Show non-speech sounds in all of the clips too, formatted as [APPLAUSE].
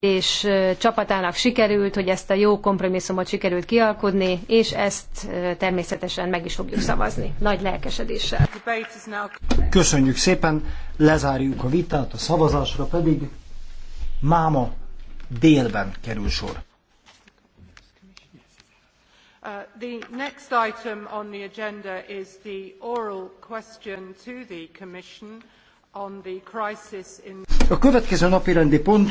és csapatának sikerült, hogy ezt a jó kompromisszumot sikerült kialkodni, és ezt természetesen meg is fogjuk szavazni. Nagy lelkesedéssel. Köszönjük szépen, lezárjuk a vitát, a szavazásra pedig máma délben kerül sor. Uh, the next item on the agenda is the oral question to the Commission on the crisis in... A következő napi rendi pont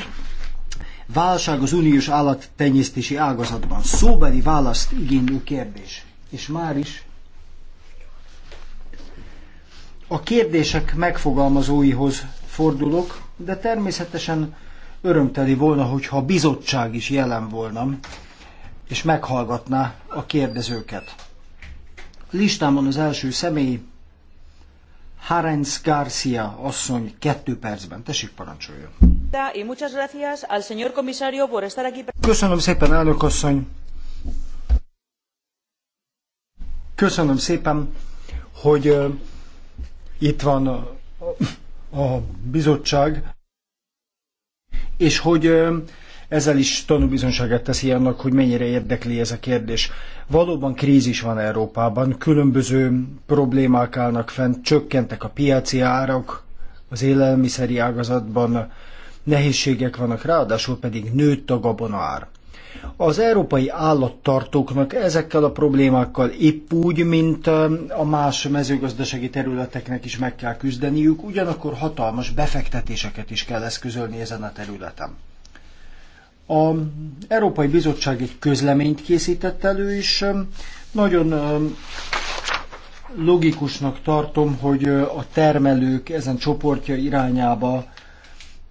válság az uniós állattenyésztési ágazatban. Szóbeli választ igénylő kérdés. És már is a kérdések megfogalmazóihoz fordulok, de természetesen örömteli volna, hogyha a bizottság is jelen volna, és meghallgatná a kérdezőket. A listámon az első személy, Harenc Garcia asszony kettő percben. Tessék parancsoljon. Köszönöm szépen, elnök asszony. Köszönöm szépen, hogy uh, itt van a, a bizottság, és hogy uh, ezzel is tanúbizonságát teszi annak, hogy mennyire érdekli ez a kérdés. Valóban krízis van Európában, különböző problémák állnak fent, csökkentek a piaci árak az élelmiszeri ágazatban, nehézségek vannak, ráadásul pedig nőtt a gabonaár. Az európai állattartóknak ezekkel a problémákkal épp úgy, mint um, a más mezőgazdasági területeknek is meg kell küzdeniük, ugyanakkor hatalmas befektetéseket is kell eszközölni ezen a területen. A Európai Bizottság egy közleményt készített elő, és um, nagyon um, logikusnak tartom, hogy uh, a termelők ezen csoportja irányába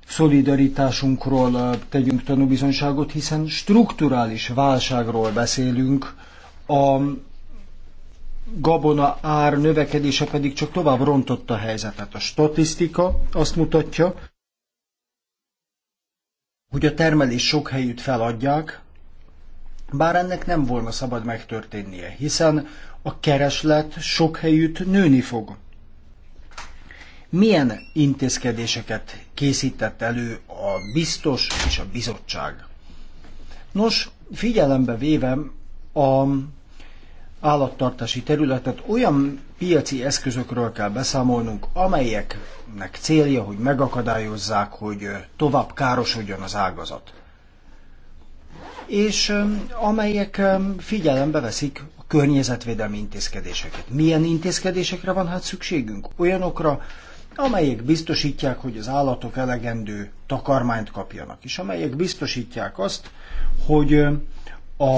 szolidaritásunkról tegyünk tanúbizonyságot, hiszen strukturális válságról beszélünk, a gabona ár növekedése pedig csak tovább rontotta a helyzetet. A statisztika azt mutatja, hogy a termelés sok helyütt feladják, bár ennek nem volna szabad megtörténnie, hiszen a kereslet sok helyütt nőni fog milyen intézkedéseket készített elő a biztos és a bizottság. Nos, figyelembe véve a állattartási területet olyan piaci eszközökről kell beszámolnunk, amelyeknek célja, hogy megakadályozzák, hogy tovább károsodjon az ágazat. És amelyek figyelembe veszik a környezetvédelmi intézkedéseket. Milyen intézkedésekre van hát szükségünk? Olyanokra, amelyek biztosítják, hogy az állatok elegendő takarmányt kapjanak, és amelyek biztosítják azt, hogy a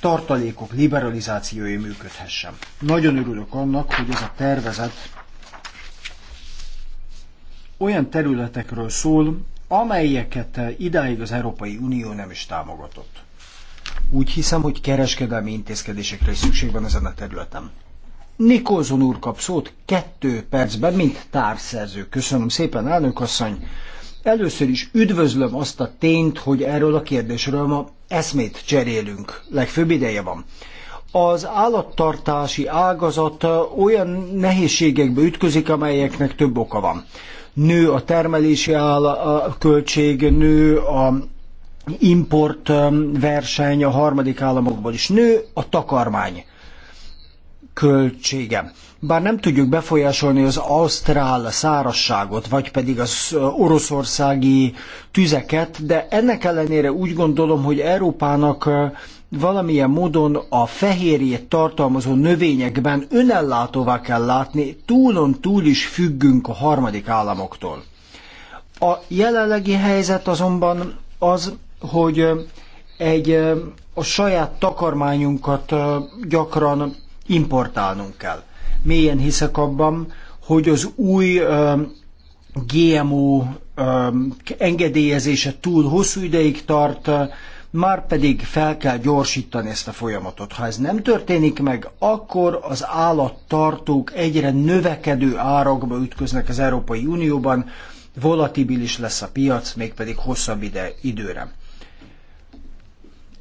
tartalékok liberalizációja működhessen. Nagyon örülök annak, hogy ez a tervezet olyan területekről szól, amelyeket idáig az Európai Unió nem is támogatott. Úgy hiszem, hogy kereskedelmi intézkedésekre is szükség van ezen a területen. Nikolson úr kap szót kettő percben, mint társzerző. Köszönöm szépen, elnök asszony. Először is üdvözlöm azt a tényt, hogy erről a kérdésről ma eszmét cserélünk. Legfőbb ideje van. Az állattartási ágazat olyan nehézségekbe ütközik, amelyeknek több oka van. Nő a termelési áll, a költség, nő a import um, verseny a harmadik államokból is, nő a takarmány költsége. Bár nem tudjuk befolyásolni az ausztrál szárasságot, vagy pedig az oroszországi tüzeket, de ennek ellenére úgy gondolom, hogy Európának valamilyen módon a fehérjét tartalmazó növényekben önellátóvá kell látni, túlon túl is függünk a harmadik államoktól. A jelenlegi helyzet azonban az, hogy egy a saját takarmányunkat gyakran importálnunk kell. Mélyen hiszek abban, hogy az új GMO engedélyezése túl hosszú ideig tart, már pedig fel kell gyorsítani ezt a folyamatot. Ha ez nem történik meg, akkor az állattartók egyre növekedő árakba ütköznek az Európai Unióban, volatibilis lesz a piac, mégpedig hosszabb ide, időre.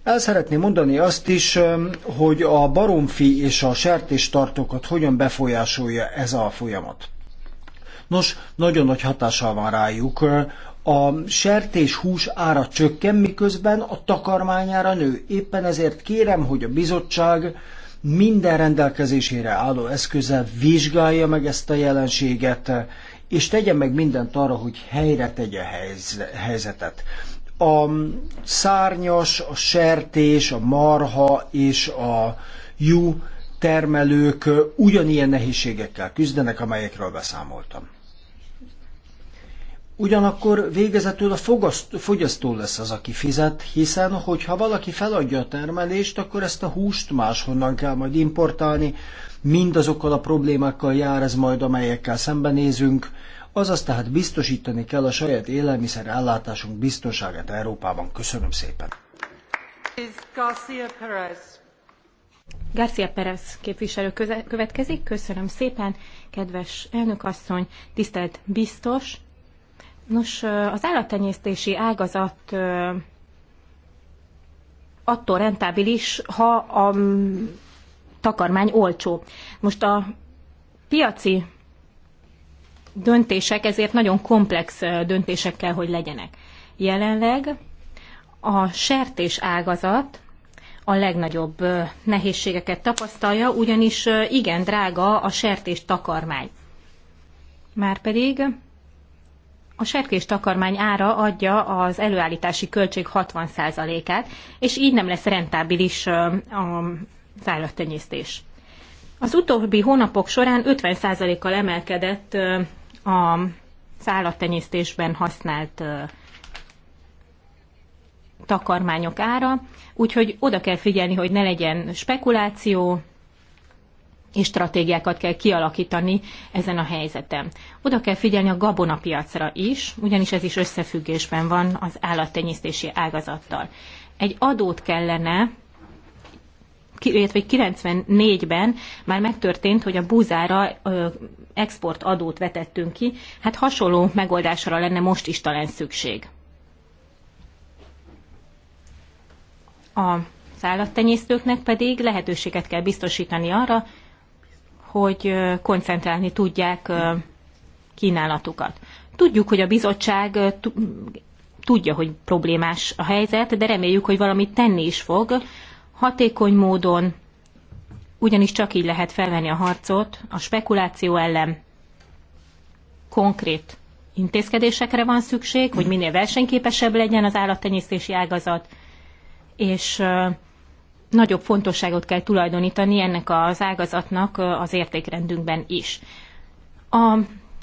El szeretném mondani azt is, hogy a baromfi és a sertéstartókat hogyan befolyásolja ez a folyamat. Nos, nagyon nagy hatással van rájuk. A sertés hús ára csökken, miközben a takarmányára nő. Éppen ezért kérem, hogy a bizottság minden rendelkezésére álló eszközzel vizsgálja meg ezt a jelenséget, és tegye meg mindent arra, hogy helyre tegye helyzetet. A szárnyas, a sertés, a marha és a jú termelők ugyanilyen nehézségekkel küzdenek, amelyekről beszámoltam. Ugyanakkor végezetül a fogyasztó lesz az, aki fizet, hiszen hogyha valaki feladja a termelést, akkor ezt a húst máshonnan kell majd importálni, mindazokkal a problémákkal jár ez majd, amelyekkel szembenézünk, Azaz tehát biztosítani kell a saját élelmiszer ellátásunk biztonságát Európában. Köszönöm szépen. Garcia Perez. Garcia Perez képviselő következik. Köszönöm szépen, kedves elnökasszony, tisztelt biztos. Nos, az állattenyésztési ágazat attól rentábilis, ha a takarmány olcsó. Most a piaci döntések ezért nagyon komplex döntések kell hogy legyenek. Jelenleg a sertés ágazat a legnagyobb nehézségeket tapasztalja, ugyanis igen drága a sertés takarmány. Márpedig a sertés takarmány ára adja az előállítási költség 60%-át, és így nem lesz rentábilis a állattenyésztés. Az utóbbi hónapok során 50%-kal emelkedett a szállattenyésztésben használt takarmányok ára, úgyhogy oda kell figyelni, hogy ne legyen spekuláció, és stratégiákat kell kialakítani ezen a helyzeten. Oda kell figyelni a gabonapiacra is, ugyanis ez is összefüggésben van az állattenyésztési ágazattal. Egy adót kellene illetve 94-ben már megtörtént, hogy a búzára exportadót vetettünk ki, hát hasonló megoldásra lenne most is talán szükség. A szállattenyésztőknek pedig lehetőséget kell biztosítani arra, hogy koncentrálni tudják kínálatukat. Tudjuk, hogy a bizottság tudja, hogy problémás a helyzet, de reméljük, hogy valamit tenni is fog hatékony módon, ugyanis csak így lehet felvenni a harcot a spekuláció ellen. Konkrét intézkedésekre van szükség, hogy minél versenyképesebb legyen az állattenyésztési ágazat, és nagyobb fontosságot kell tulajdonítani ennek az ágazatnak az értékrendünkben is. A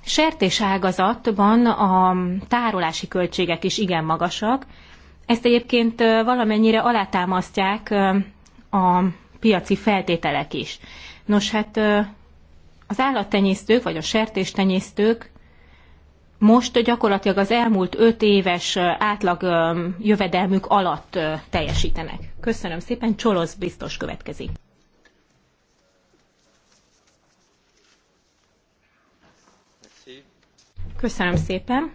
sertés ágazatban a tárolási költségek is igen magasak, ezt egyébként valamennyire alátámasztják a piaci feltételek is. Nos, hát az állattenyésztők, vagy a sertéstenyésztők most gyakorlatilag az elmúlt öt éves átlag jövedelmük alatt teljesítenek. Köszönöm szépen, Csolosz biztos következik. Köszönöm szépen.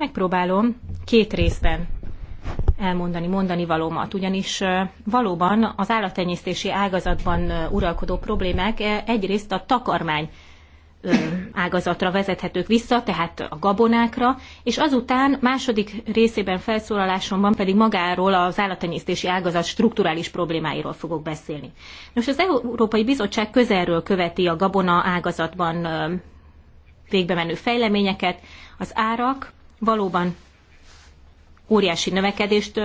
Megpróbálom két részben elmondani mondani valómat, ugyanis valóban az állattenyésztési ágazatban uralkodó problémák egyrészt a takarmány ágazatra vezethetők vissza, tehát a gabonákra, és azután második részében felszólalásomban pedig magáról az állattenyésztési ágazat strukturális problémáiról fogok beszélni. Nos, az Európai Bizottság közelről követi a gabona ágazatban végbe menő fejleményeket, az árak, valóban óriási növekedést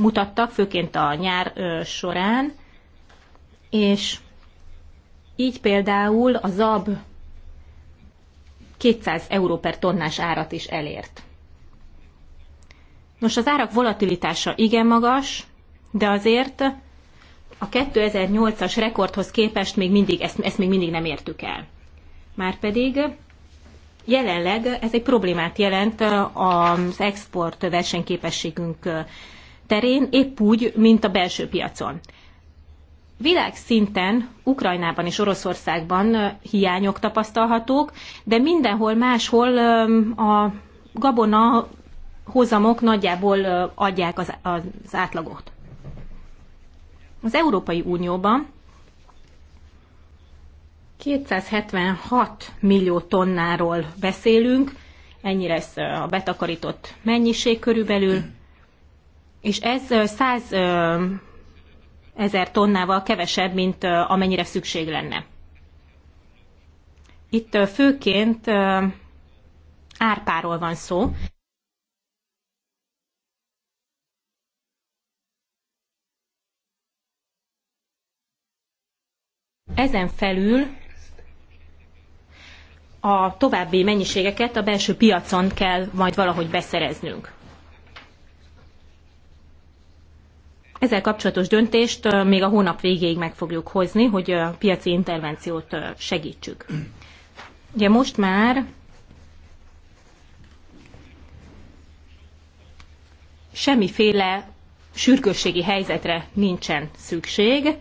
mutattak, főként a nyár során, és így például a ZAB 200 euró per tonnás árat is elért. Nos, az árak volatilitása igen magas, de azért a 2008-as rekordhoz képest még mindig, ezt, ezt még mindig nem értük el. Márpedig jelenleg ez egy problémát jelent az export versenyképességünk terén, épp úgy, mint a belső piacon. Világszinten, Ukrajnában és Oroszországban hiányok tapasztalhatók, de mindenhol máshol a gabona hozamok nagyjából adják az, az átlagot. Az Európai Unióban 276 millió tonnáról beszélünk, ennyire ez a betakarított mennyiség körülbelül, és ez 100 ezer tonnával kevesebb, mint amennyire szükség lenne. Itt főként árpáról van szó. Ezen felül a további mennyiségeket a belső piacon kell majd valahogy beszereznünk. Ezzel kapcsolatos döntést még a hónap végéig meg fogjuk hozni, hogy a piaci intervenciót segítsük. Ugye most már semmiféle sürgősségi helyzetre nincsen szükség,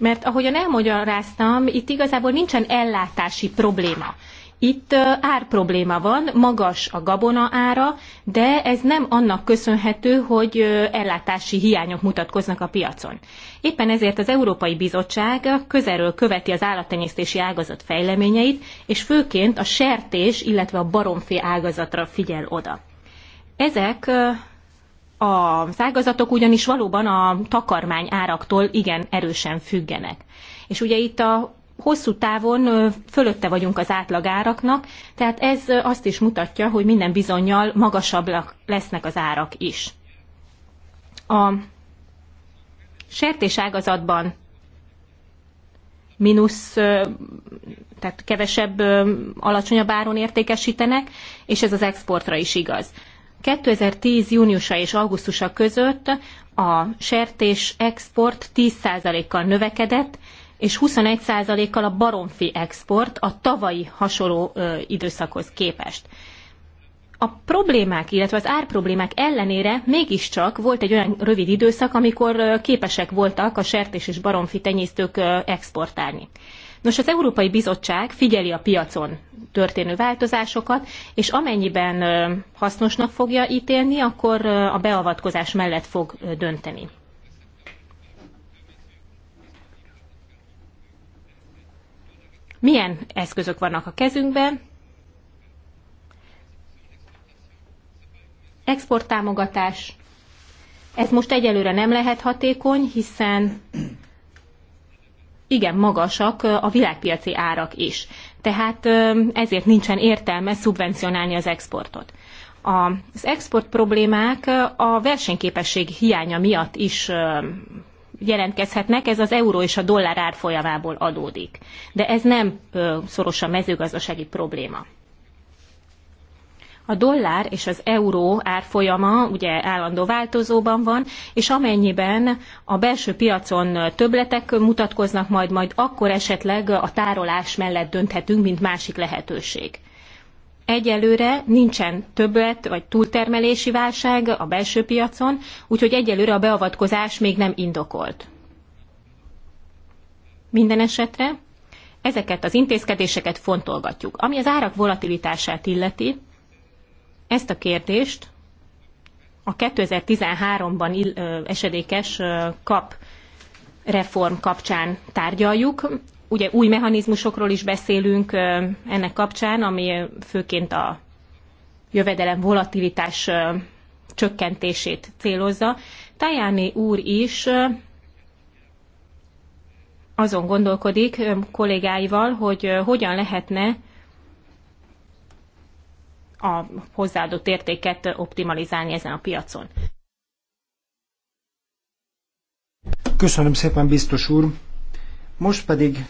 Mert ahogyan elmagyaráztam, itt igazából nincsen ellátási probléma. Itt árprobléma van, magas a gabona ára, de ez nem annak köszönhető, hogy ellátási hiányok mutatkoznak a piacon. Éppen ezért az Európai Bizottság közelről követi az állattenyésztési ágazat fejleményeit, és főként a sertés, illetve a baromfé ágazatra figyel oda. Ezek a ágazatok ugyanis valóban a takarmány áraktól igen erősen függenek. És ugye itt a hosszú távon fölötte vagyunk az átlagáraknak, tehát ez azt is mutatja, hogy minden bizonyal magasabbak lesznek az árak is. A sertés ágazatban mínusz, tehát kevesebb, alacsonyabb áron értékesítenek, és ez az exportra is igaz. 2010. júniusa és augusztusa között a sertés export 10%-kal növekedett, és 21%-kal a baromfi export a tavalyi hasonló időszakhoz képest. A problémák, illetve az árproblémák ellenére mégiscsak volt egy olyan rövid időszak, amikor képesek voltak a sertés és baromfi tenyésztők exportálni. Nos, az Európai Bizottság figyeli a piacon történő változásokat, és amennyiben hasznosnak fogja ítélni, akkor a beavatkozás mellett fog dönteni. Milyen eszközök vannak a kezünkben? Exporttámogatás. Ez most egyelőre nem lehet hatékony, hiszen igen magasak a világpiaci árak is. Tehát ezért nincsen értelme szubvencionálni az exportot. Az export problémák a versenyképesség hiánya miatt is jelentkezhetnek, ez az euró és a dollár árfolyamából adódik. De ez nem szoros a mezőgazdasági probléma. A dollár és az euró árfolyama ugye állandó változóban van, és amennyiben a belső piacon többletek mutatkoznak majd, majd akkor esetleg a tárolás mellett dönthetünk, mint másik lehetőség. Egyelőre nincsen többet vagy túltermelési válság a belső piacon, úgyhogy egyelőre a beavatkozás még nem indokolt. Minden esetre ezeket az intézkedéseket fontolgatjuk. Ami az árak volatilitását illeti, ezt a kérdést a 2013-ban esedékes kap reform kapcsán tárgyaljuk. Ugye új mechanizmusokról is beszélünk ennek kapcsán, ami főként a jövedelem volatilitás csökkentését célozza. Tajáni úr is azon gondolkodik kollégáival, hogy hogyan lehetne a hozzáadott értéket optimalizálni ezen a piacon. Köszönöm szépen, biztos úr! Most pedig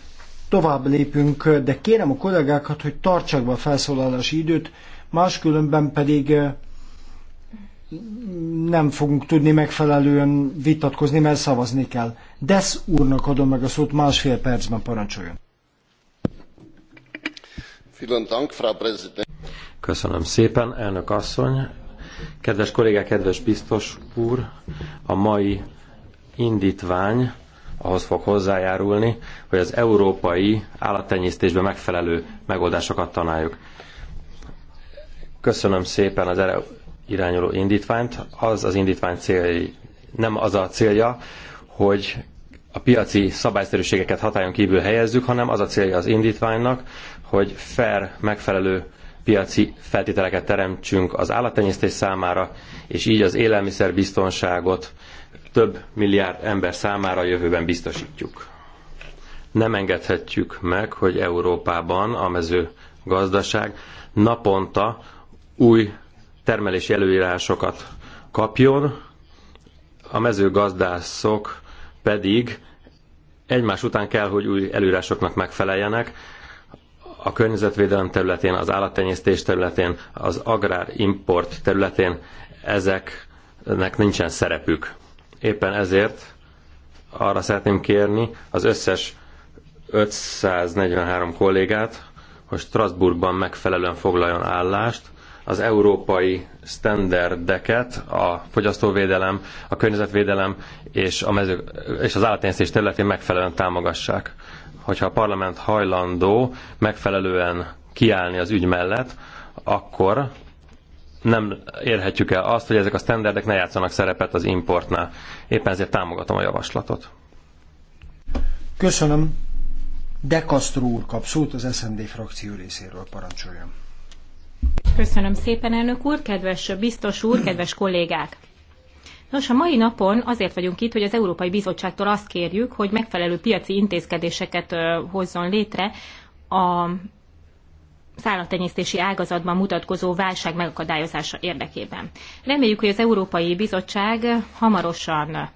tovább lépünk, de kérem a kollégákat, hogy tartsák be a felszólalási időt, máskülönben pedig eh, nem fogunk tudni megfelelően vitatkozni, mert szavazni kell. Desz úrnak adom meg a szót másfél percben parancsoljon. Köszönöm szépen, elnök asszony. Kedves kollégák, kedves biztos úr, a mai indítvány ahhoz fog hozzájárulni, hogy az európai állattenyésztésben megfelelő megoldásokat tanáljuk. Köszönöm szépen az erre irányuló indítványt. Az az indítvány céljai, nem az a célja, hogy a piaci szabályszerűségeket hatályon kívül helyezzük, hanem az a célja az indítványnak, hogy fair, megfelelő piaci feltételeket teremtsünk az állattenyésztés számára, és így az élelmiszerbiztonságot több milliárd ember számára jövőben biztosítjuk. Nem engedhetjük meg, hogy Európában a mezőgazdaság naponta új termelési előírásokat kapjon, a mezőgazdászok pedig egymás után kell, hogy új előírásoknak megfeleljenek, a környezetvédelem területén, az állattenyésztés területén, az agrárimport területén ezeknek nincsen szerepük. Éppen ezért arra szeretném kérni az összes 543 kollégát, hogy Strasbourgban megfelelően foglaljon állást, az európai standardeket a fogyasztóvédelem, a környezetvédelem és, a mező, és az állattenyésztés területén megfelelően támogassák hogyha a parlament hajlandó megfelelően kiállni az ügy mellett, akkor nem érhetjük el azt, hogy ezek a standardek ne játszanak szerepet az importnál. Éppen ezért támogatom a javaslatot. Köszönöm. De Castro úr kap szót az SND frakció részéről parancsoljon. Köszönöm szépen, elnök úr, kedves biztos úr, kedves kollégák! Nos, a mai napon azért vagyunk itt, hogy az Európai Bizottságtól azt kérjük, hogy megfelelő piaci intézkedéseket hozzon létre a szállattenyésztési ágazatban mutatkozó válság megakadályozása érdekében. Reméljük, hogy az Európai Bizottság hamarosan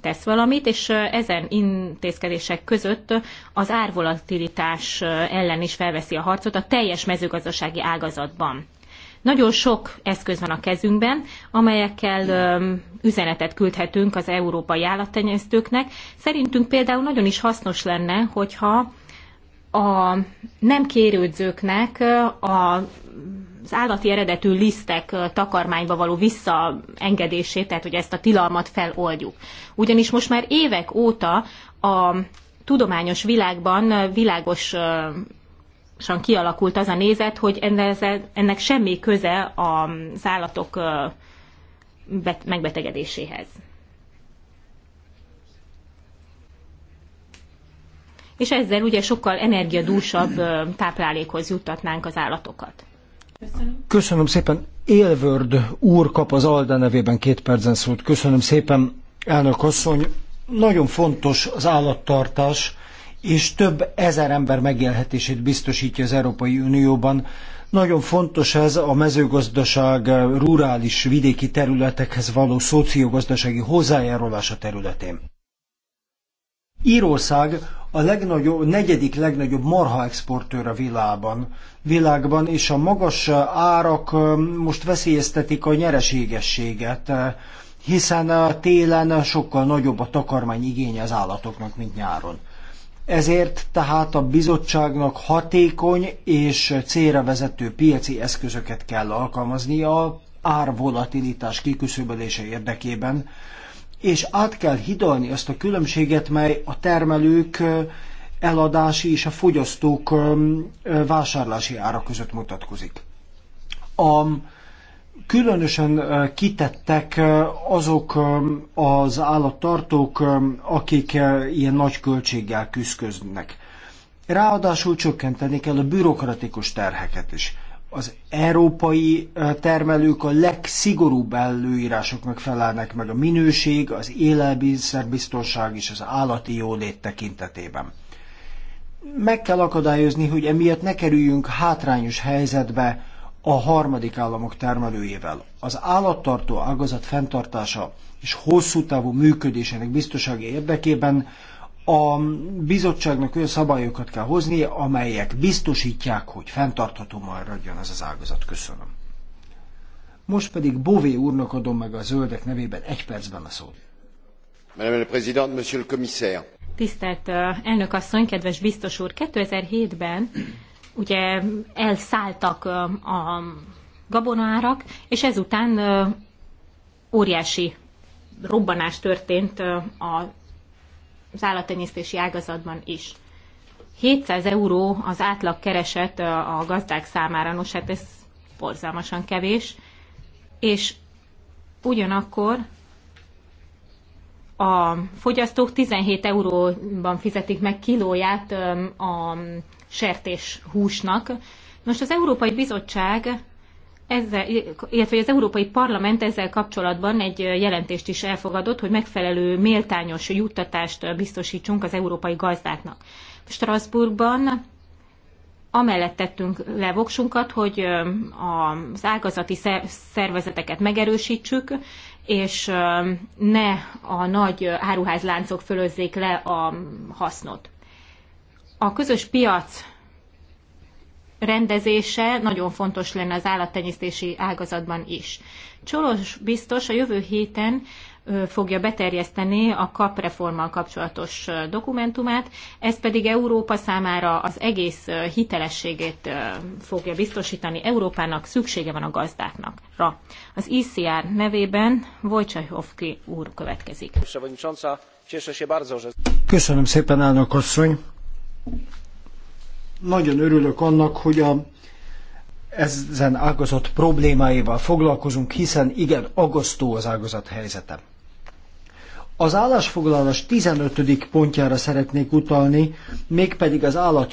tesz valamit, és ezen intézkedések között az árvolatilitás ellen is felveszi a harcot a teljes mezőgazdasági ágazatban. Nagyon sok eszköz van a kezünkben, amelyekkel üzenetet küldhetünk az európai állattenyésztőknek. Szerintünk például nagyon is hasznos lenne, hogyha a nem kérődzőknek a az állati eredetű lisztek takarmányba való visszaengedését, tehát hogy ezt a tilalmat feloldjuk. Ugyanis most már évek óta a tudományos világban világos kialakult az a nézet, hogy ennek semmi köze az állatok megbetegedéséhez. És ezzel ugye sokkal energiadúsabb táplálékhoz juttatnánk az állatokat. Köszönöm. Köszönöm szépen. Élvörd úr kap az Alda nevében két percen szót. Köszönöm szépen, elnök asszony. Nagyon fontos az állattartás, és több ezer ember megélhetését biztosítja az Európai Unióban. Nagyon fontos ez a mezőgazdaság rurális vidéki területekhez való szociogazdasági hozzájárulása területén. Írország a legnagyobb, negyedik legnagyobb marha exportőr a világban, világban, és a magas árak um, most veszélyeztetik a nyereségességet, uh, hiszen a télen sokkal nagyobb a takarmány igénye az állatoknak, mint nyáron. Ezért tehát a bizottságnak hatékony és célra vezető piaci eszközöket kell alkalmaznia a árvolatilitás kiküszöbölése érdekében, és át kell hidalni azt a különbséget, mely a termelők eladási és a fogyasztók vásárlási ára között mutatkozik. A különösen kitettek azok az állattartók, akik ilyen nagy költséggel küzdködnek. Ráadásul csökkenteni kell a bürokratikus terheket is. Az európai termelők a legszigorúbb előírásoknak felelnek meg a minőség, az élelmiszerbiztonság és az állati jólét tekintetében. Meg kell akadályozni, hogy emiatt ne kerüljünk hátrányos helyzetbe, a harmadik államok termelőjével. Az állattartó ágazat fenntartása és hosszú távú működésének biztonsági érdekében a bizottságnak olyan szabályokat kell hozni, amelyek biztosítják, hogy fenntartható maradjon ez az ágazat. Köszönöm. Most pedig Bové úrnak adom meg a zöldek nevében egy percben a szót. Madame la Présidente, Monsieur le Commissaire. Tisztelt elnök asszony, kedves biztos úr, 2007-ben ugye elszálltak a gabonárak, és ezután óriási robbanás történt az állattenyésztési ágazatban is. 700 euró az átlag kereset a gazdák számára, nos hát ez borzalmasan kevés, és ugyanakkor a fogyasztók 17 euróban fizetik meg kilóját a sertés húsnak. Most az Európai Bizottság ezzel, illetve az Európai Parlament ezzel kapcsolatban egy jelentést is elfogadott, hogy megfelelő méltányos juttatást biztosítsunk az európai gazdáknak. Strasbourgban amellett tettünk le voksunkat, hogy az ágazati szervezeteket megerősítsük, és ne a nagy áruházláncok fölözzék le a hasznot a közös piac rendezése nagyon fontos lenne az állattenyésztési ágazatban is. Csolos biztos a jövő héten fogja beterjeszteni a KAP reformmal kapcsolatos dokumentumát, ez pedig Európa számára az egész hitelességét fogja biztosítani. Európának szüksége van a gazdáknak. Az ICR nevében Wojciechowski úr következik. Köszönöm szépen, elnök asszony! Nagyon örülök annak, hogy a ezen ágazat problémáival foglalkozunk, hiszen igen, agasztó az ágazat helyzete. Az állásfoglalás 15. pontjára szeretnék utalni, mégpedig az állat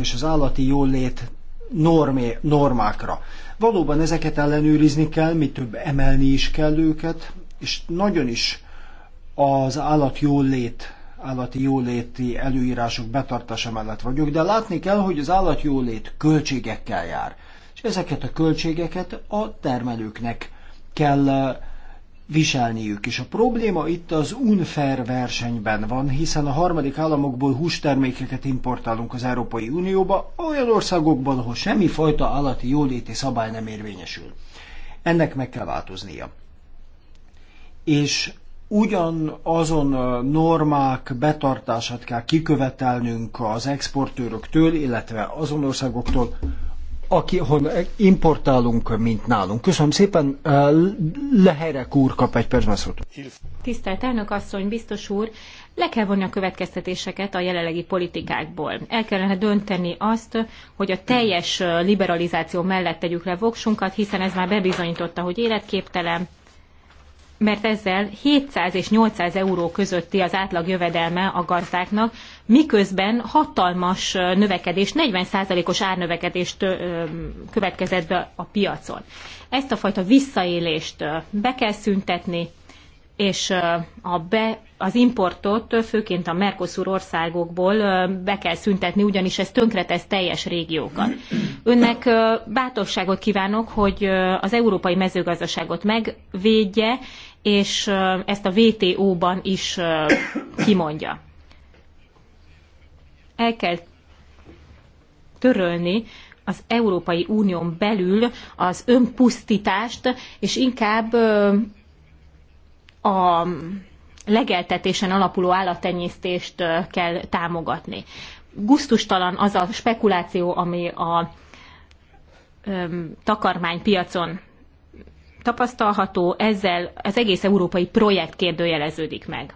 és az állati jólét normé, normákra. Valóban ezeket ellenőrizni kell, mi több emelni is kell őket, és nagyon is az állat jólét állati jóléti előírások betartása mellett vagyok, de látni kell, hogy az állatjólét költségekkel jár. És ezeket a költségeket a termelőknek kell eh, viselniük. És a probléma itt az unfair versenyben van, hiszen a harmadik államokból hústermékeket importálunk az Európai Unióba, olyan országokban, ahol fajta állati jóléti szabály nem érvényesül. Ennek meg kell változnia. És ugyanazon normák betartását kell kikövetelnünk az exportőröktől, illetve azon országoktól, aki, importálunk, mint nálunk. Köszönöm szépen, Leherek úr kap egy percben szót. Tisztelt elnök asszony, biztos úr, le kell vonni a következtetéseket a jelenlegi politikákból. El kellene dönteni azt, hogy a teljes liberalizáció mellett tegyük le voksunkat, hiszen ez már bebizonyította, hogy életképtelen, mert ezzel 700 és 800 euró közötti az átlag jövedelme a gazdáknak, miközben hatalmas növekedés, 40%-os árnövekedést következett be a piacon. Ezt a fajta visszaélést be kell szüntetni, és a be, az importot főként a Mercosur országokból be kell szüntetni, ugyanis ez tönkretesz teljes régiókat. Önnek bátorságot kívánok, hogy az európai mezőgazdaságot megvédje, és ezt a VTO-ban is kimondja. El kell törölni az Európai Unión belül az önpusztítást, és inkább a legeltetésen alapuló állattenyésztést kell támogatni. Gusztustalan az a spekuláció, ami a takarmánypiacon tapasztalható, ezzel az egész európai projekt kérdőjeleződik meg.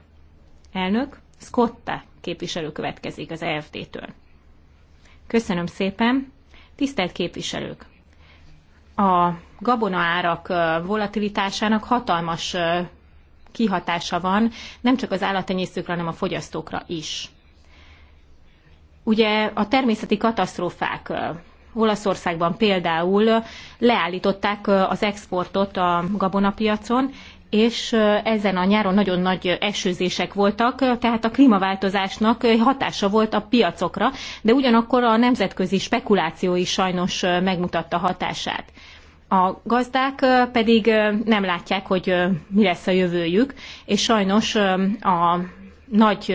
Elnök, Scotta képviselő következik az EFD-től. Köszönöm szépen. Tisztelt képviselők! A gabonaárak volatilitásának hatalmas kihatása van, nem csak az állattenyésztőkre, hanem a fogyasztókra is. Ugye a természeti katasztrófák Olaszországban például leállították az exportot a gabonapiacon, és ezen a nyáron nagyon nagy esőzések voltak, tehát a klímaváltozásnak hatása volt a piacokra, de ugyanakkor a nemzetközi spekuláció is sajnos megmutatta hatását. A gazdák pedig nem látják, hogy mi lesz a jövőjük, és sajnos a nagy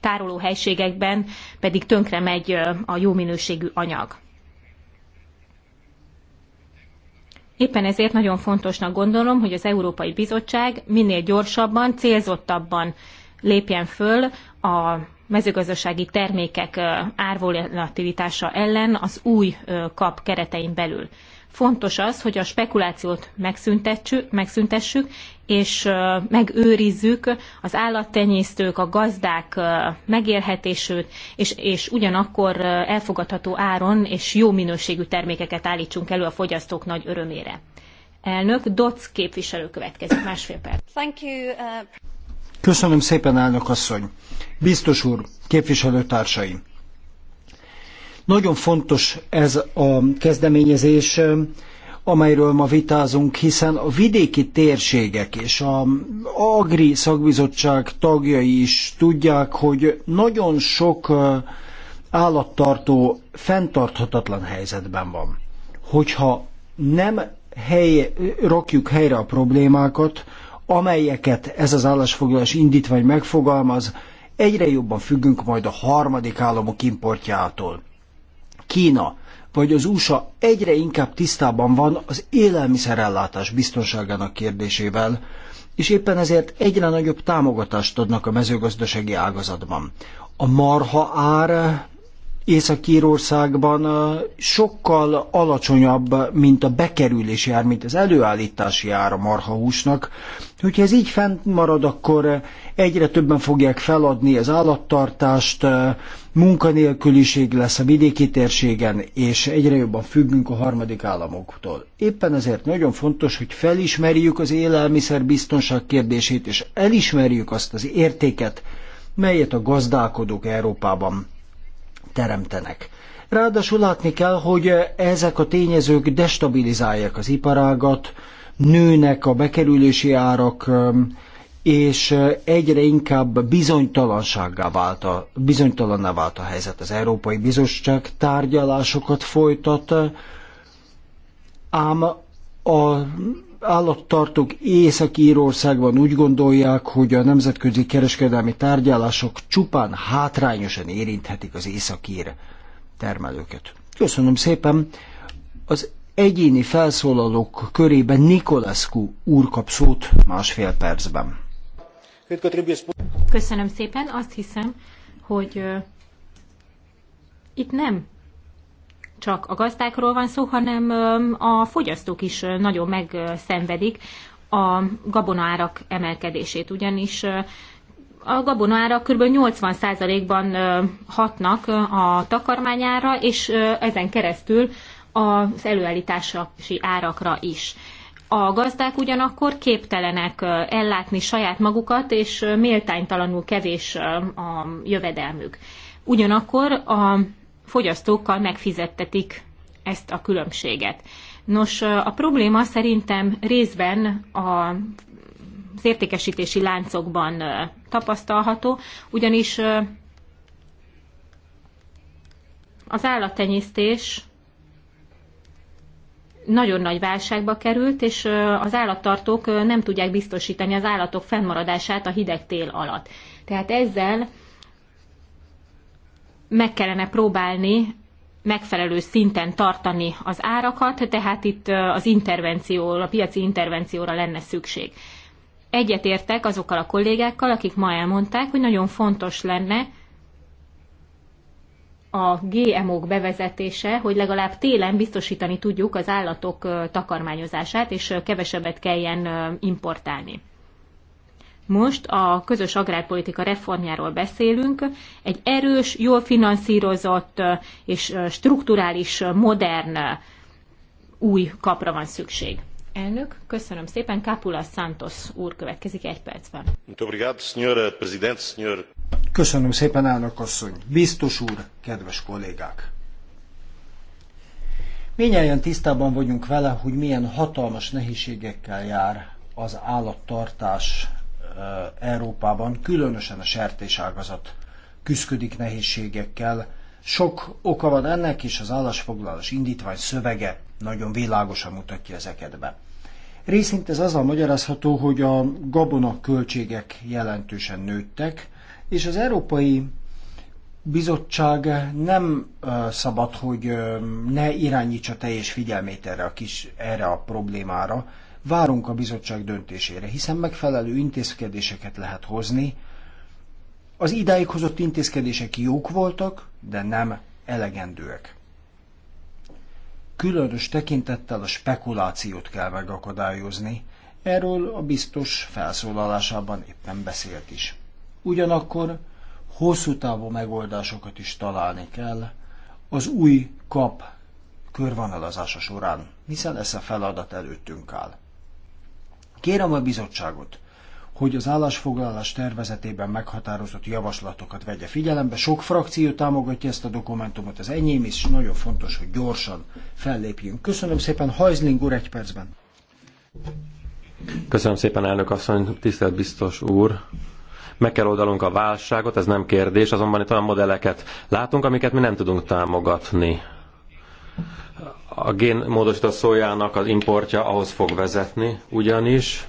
tároló helységekben, pedig tönkre megy a jó minőségű anyag. Éppen ezért nagyon fontosnak gondolom, hogy az Európai Bizottság minél gyorsabban, célzottabban lépjen föl a mezőgazdasági termékek árvolatilitása ellen az új kap keretein belül. Fontos az, hogy a spekulációt megszüntessük, és megőrizzük az állattenyésztők, a gazdák megélhetését, és, és ugyanakkor elfogadható áron és jó minőségű termékeket állítsunk elő a fogyasztók nagy örömére. Elnök Doc képviselő következik, másfél perc. Thank you, uh, Köszönöm szépen, elnök asszony. Biztos úr, képviselőtársaim! Nagyon fontos ez a kezdeményezés, amelyről ma vitázunk, hiszen a vidéki térségek és a Agri szakbizottság tagjai is tudják, hogy nagyon sok állattartó fenntarthatatlan helyzetben van. Hogyha nem hely, rakjuk helyre a problémákat, amelyeket ez az állásfoglalás indítvány megfogalmaz, egyre jobban függünk majd a harmadik államok importjától. Kína vagy az USA egyre inkább tisztában van az élelmiszerellátás biztonságának kérdésével, és éppen ezért egyre nagyobb támogatást adnak a mezőgazdasági ágazatban. A marha ár Észak-Írországban sokkal alacsonyabb, mint a bekerülési ár, mint az előállítási ár a marhahúsnak. Hogyha ez így fent marad, akkor egyre többen fogják feladni az állattartást, munkanélküliség lesz a vidéki térségen, és egyre jobban függünk a harmadik államoktól. Éppen ezért nagyon fontos, hogy felismerjük az élelmiszerbiztonság kérdését, és elismerjük azt az értéket, melyet a gazdálkodók Európában teremtenek. Ráadásul látni kell, hogy ezek a tényezők destabilizálják az iparágat, nőnek a bekerülési árak, és egyre inkább bizonytalansággá vált a, bizonytalanná vált a helyzet. Az Európai Bizottság tárgyalásokat folytat, ám a állattartók Észak-Írországban úgy gondolják, hogy a nemzetközi kereskedelmi tárgyalások csupán hátrányosan érinthetik az északír termelőket. Köszönöm szépen. Az egyéni felszólalók körében Nikolaszku úr kap szót másfél percben. Köszönöm szépen. Azt hiszem, hogy uh, itt nem csak a gazdákról van szó, hanem a fogyasztók is nagyon megszenvedik a gabonaárak emelkedését, ugyanis a gabonára kb. 80%-ban hatnak a takarmányára, és ezen keresztül az előállítási árakra is. A gazdák ugyanakkor képtelenek ellátni saját magukat, és méltánytalanul kevés a jövedelmük. Ugyanakkor a fogyasztókkal megfizettetik ezt a különbséget. Nos, a probléma szerintem részben a az értékesítési láncokban tapasztalható, ugyanis az állattenyésztés nagyon nagy válságba került, és az állattartók nem tudják biztosítani az állatok fennmaradását a hideg tél alatt. Tehát ezzel meg kellene próbálni megfelelő szinten tartani az árakat, tehát itt az intervenció, a piaci intervencióra lenne szükség. Egyetértek azokkal a kollégákkal, akik ma elmondták, hogy nagyon fontos lenne a GMO-k bevezetése, hogy legalább télen biztosítani tudjuk az állatok takarmányozását, és kevesebbet kelljen importálni. Most a közös agrárpolitika reformjáról beszélünk, egy erős, jól finanszírozott és strukturális, modern új kapra van szükség. Elnök, köszönöm szépen. Kapula Santos úr következik egy percben. Köszönöm szépen, elnök asszony. Biztos úr, kedves kollégák! Mindjárt tisztában vagyunk vele, hogy milyen hatalmas nehézségekkel jár az állattartás Európában, különösen a sertéságazat küzdik nehézségekkel. Sok oka van ennek, és az állásfoglalás indítvány szövege nagyon világosan mutatja ezeket be. Részint ez azzal magyarázható, hogy a gabona költségek jelentősen nőttek, és az Európai Bizottság nem szabad, hogy ne irányítsa teljes figyelmét erre a, kis, erre a problémára, Várunk a bizottság döntésére, hiszen megfelelő intézkedéseket lehet hozni. Az idáig hozott intézkedések jók voltak, de nem elegendőek. Különös tekintettel a spekulációt kell megakadályozni, erről a biztos felszólalásában éppen beszélt is. Ugyanakkor hosszú távú megoldásokat is találni kell az új kap körvonalazása során, hiszen ez a feladat előttünk áll. Kérem a bizottságot, hogy az állásfoglalás tervezetében meghatározott javaslatokat vegye figyelembe. Sok frakció támogatja ezt a dokumentumot, az enyém is, nagyon fontos, hogy gyorsan fellépjünk. Köszönöm szépen, Hajzling úr egy percben. Köszönöm szépen, elnök asszony, tisztelt biztos úr. Meg kell oldalunk a válságot, ez nem kérdés, azonban itt olyan modelleket látunk, amiket mi nem tudunk támogatni a génmódosított szójának az importja ahhoz fog vezetni, ugyanis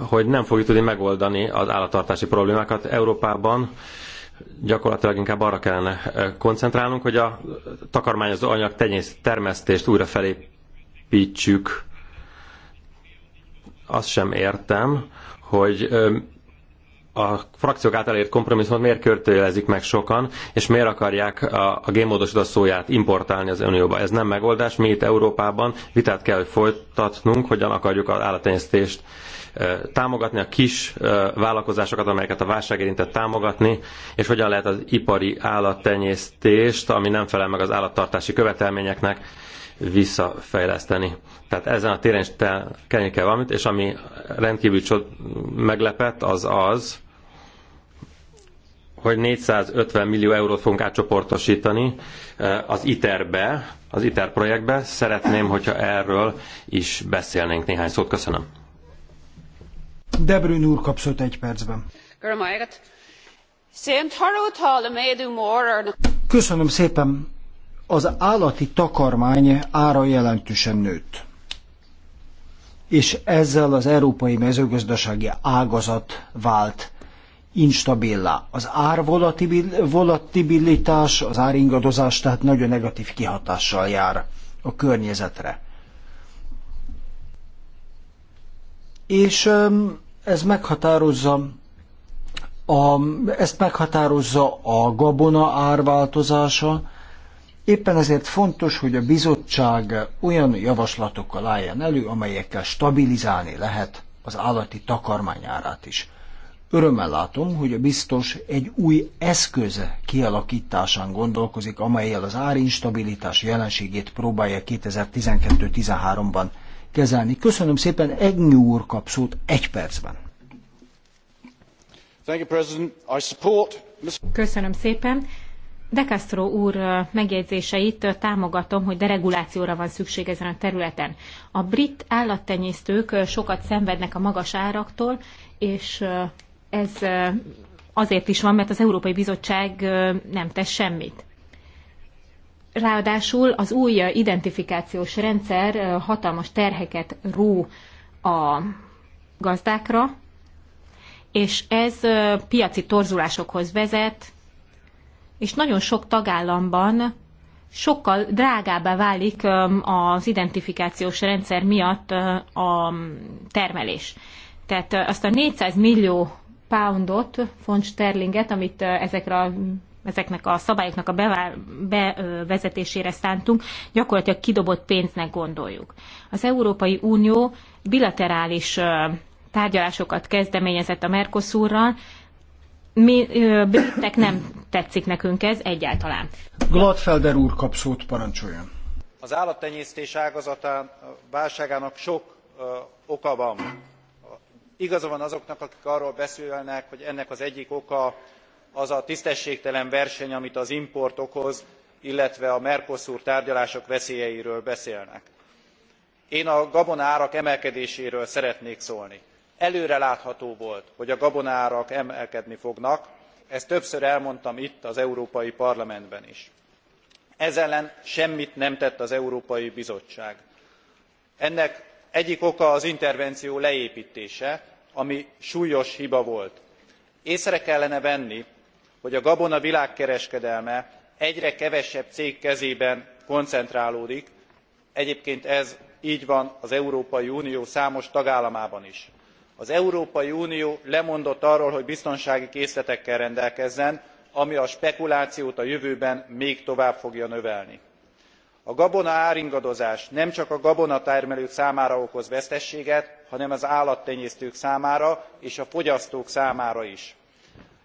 hogy nem fogjuk tudni megoldani az állattartási problémákat Európában, gyakorlatilag inkább arra kellene eh, koncentrálnunk, hogy a takarmányozó anyag tenyész termesztést újra felépítsük. Azt sem értem, hogy eh, a frakciók által ért kompromisszumot miért körtőjelezik meg sokan, és miért akarják a, a gémódosító szóját importálni az Unióba. Ez nem megoldás, mi itt Európában vitát kell, hogy folytatnunk, hogyan akarjuk az állatenyésztést támogatni a kis vállalkozásokat, amelyeket a válság érintett támogatni, és hogyan lehet az ipari állattenyésztést, ami nem felel meg az állattartási követelményeknek, visszafejleszteni. Tehát ezen a téren is kell valamit, és ami rendkívül meglepett, az az, hogy 450 millió eurót fogunk átcsoportosítani eh, az ITER-be, az ITER projektbe. Szeretném, hogyha erről is beszélnénk néhány szót. Köszönöm. Debrün úr kapszott egy percben. Köszönöm szépen. Az állati takarmány ára jelentősen nőtt. És ezzel az európai mezőgazdasági ágazat vált instabilá. Az ár volatibilitás, az áringadozás tehát nagyon negatív kihatással jár a környezetre. És ez meghatározza a, ezt meghatározza a gabona árváltozása, Éppen ezért fontos, hogy a bizottság olyan javaslatokkal álljon elő, amelyekkel stabilizálni lehet az állati takarmányárát is. Örömmel látom, hogy a biztos egy új eszköz kialakításán gondolkozik, amelyel az árinstabilitás jelenségét próbálja 2012-13-ban kezelni. Köszönöm szépen, Egnyi úr kap szót egy percben. Köszönöm szépen. De Castro úr megjegyzéseit támogatom, hogy deregulációra van szükség ezen a területen. A brit állattenyésztők sokat szenvednek a magas áraktól, és ez azért is van, mert az Európai Bizottság nem tesz semmit. Ráadásul az új identifikációs rendszer hatalmas terheket ró a gazdákra, és ez piaci torzulásokhoz vezet, és nagyon sok tagállamban sokkal drágábbá válik az identifikációs rendszer miatt a termelés. Tehát azt a 400 millió poundot, font sterlinget, amit ezekre a ezeknek a szabályoknak a bevár, bevezetésére szántunk, gyakorlatilag kidobott pénznek gondoljuk. Az Európai Unió bilaterális tárgyalásokat kezdeményezett a Mercosurral, mi britek nem tetszik nekünk ez egyáltalán. Gladfelder úr kap szót, parancsoljon. Az állattenyésztés ágazatán válságának sok ö, oka van igaza van azoknak akik arról beszélnek hogy ennek az egyik oka az a tisztességtelen verseny amit az import okoz illetve a mercosur tárgyalások veszélyeiről beszélnek. én a gabonaárak emelkedéséről szeretnék szólni. előrelátható volt hogy a gabonaárak emelkedni fognak ezt többször elmondtam itt az európai parlamentben is. ez ellen semmit nem tett az európai bizottság. ennek egyik oka az intervenció leéptése ami súlyos hiba volt. észre kellene venni hogy a gabona világkereskedelme egyre kevesebb cég kezében koncentrálódik egyébként ez gy van az európai unió számos tagállamában is. az európai unió lemondott arról hogy biztonsági készletekkel rendelkezzen ami a spekulációt a jövőben még tovább fogja növelni a gabona áringadozás nemcsak a gabonatermelők számára okoz veszteséget hanem az állattenyésztők számára és a fogyasztók számára is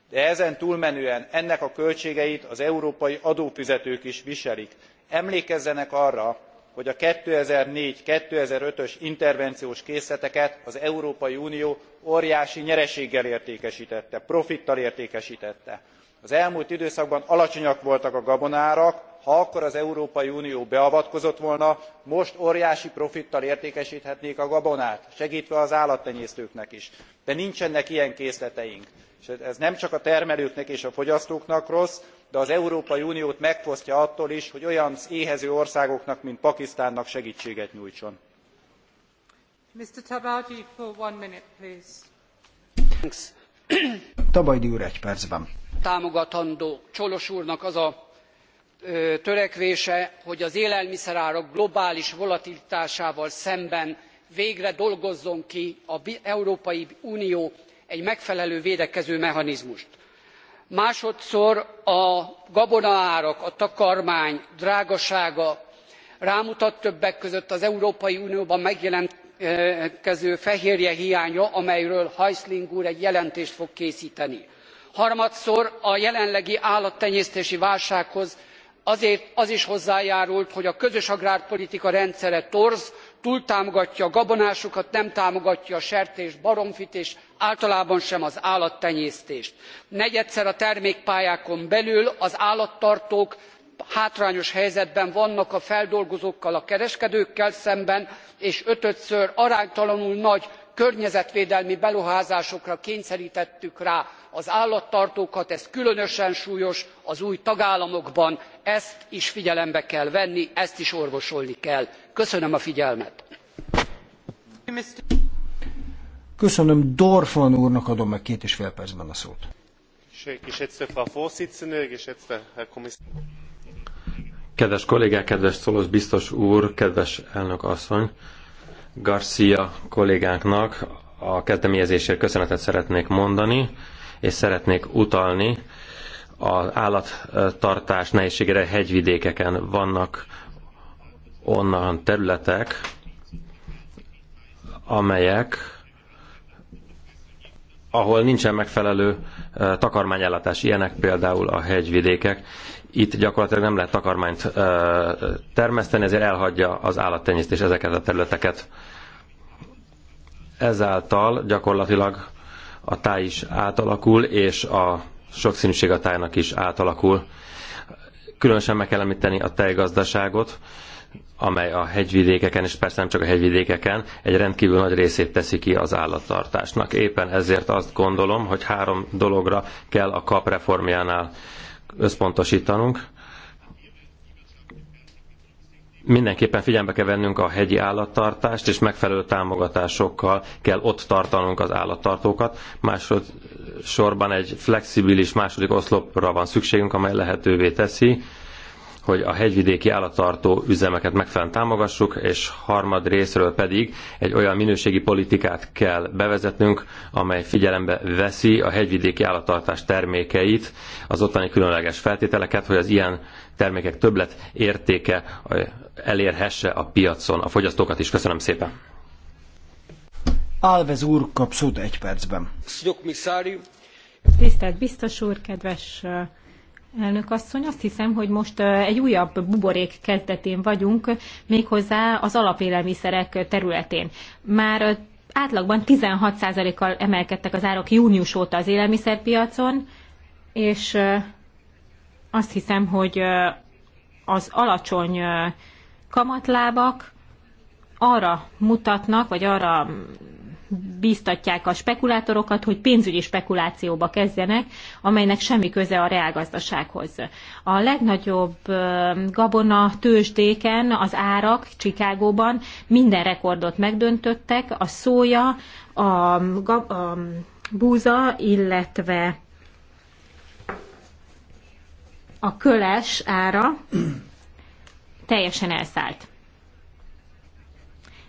de ezen túlmenően ennek a költségeit az európai adófizetők is viselik. emlékezzenek arra hogy a two thousand and four two thousand and five ös intervenciós készleteket az európai unió óriási nyereséggel értékestette profittal értékestette. az elmúlt időszakban alacsonyak voltak a gabonaárak ha akkor az európai unió beavatkozott volna most óriási profittal értékesthetnék a gabonát segtve az állattenyésztőknek is de nincsenek ilyen készleteink és ez nemcsak a termelőknek és a fogyasztóknak rossz de az európai uniót megfosztja attól is hogy olyan éhező országoknak mint pakisztánnak segtséget nyújtson. támogatandó ciolo úrnak az a törekvése hogy az élelmiszerárak globális volatilitásával szemben végre dolgozzon ki az európai unió egy megfelelő védekező mechanizmust. másodszor a gabonaárak a takarmány drágasága rámutat többek között az európai unióban megjelentkező fehérjehiányra amelyről husling úr egy jelentést fog készteni. harmadszor a jelenlegi állattenyésztési válsághoz Azért, az is hozzájárult hogy a közös agrárpolitika rendszere torz túltámogatja a gabonásokat nem támogatja a sertést baromfit és általában sem az állattenyésztést. negyedszer a termékpályákon belül az állattartók hátrányos helyzetben vannak a feldolgozókkal a kereskedőkkel szemben és ötödször aránytalanul nagy környezetvédelmi beruházásokra kényszertettük rá az állattartókat ez különösen súlyos az új tagállamokban ezt is figyelembe kell venni ezt is orvosolni kell. köszönöm a figyelmet. köszönöm dorfmann úrnak adom meg két és fél percben a szót. Kedves kollégák, kedves Szolos biztos úr, kedves elnök asszony! Garcia kollégánknak a kezdeményezésért köszönetet szeretnék mondani, és szeretnék utalni az állattartás nehézségére hegyvidékeken vannak onnan területek, amelyek ahol nincsen megfelelő takarmányellátás, ilyenek például a hegyvidékek. Itt gyakorlatilag nem lehet takarmányt termeszteni, ezért elhagyja az állattenyésztés ezeket a területeket. Ezáltal gyakorlatilag a táj is átalakul, és a sokszínűség a tájnak is átalakul. Különösen meg kell említeni a tejgazdaságot, amely a hegyvidékeken, és persze nem csak a hegyvidékeken, egy rendkívül nagy részét teszi ki az állattartásnak. Éppen ezért azt gondolom, hogy három dologra kell a kap reformjánál összpontosítanunk. Mindenképpen figyelembe kell vennünk a hegyi állattartást, és megfelelő támogatásokkal kell ott tartanunk az állattartókat. Másod sorban egy flexibilis második oszlopra van szükségünk, amely lehetővé teszi, hogy a hegyvidéki állattartó üzemeket megfelelően támogassuk, és harmad részről pedig egy olyan minőségi politikát kell bevezetnünk, amely figyelembe veszi a hegyvidéki állattartás termékeit, az ottani különleges feltételeket, hogy az ilyen termékek többlet értéke elérhesse a piacon a fogyasztókat is. Köszönöm szépen! Alvez úr kap szót egy percben. Tisztelt biztos úr, kedves Elnök asszony, azt hiszem, hogy most egy újabb buborék kezdetén vagyunk, méghozzá az alapélelmiszerek területén. Már átlagban 16%-kal emelkedtek az árak június óta az élelmiszerpiacon, és azt hiszem, hogy az alacsony kamatlábak arra mutatnak, vagy arra bíztatják a spekulátorokat, hogy pénzügyi spekulációba kezdjenek, amelynek semmi köze a reálgazdasághoz. A legnagyobb gabona tőzsdéken az árak Csikágóban minden rekordot megdöntöttek, a szója, a, gab, a búza, illetve a köles ára [CLEARS THROAT] teljesen elszállt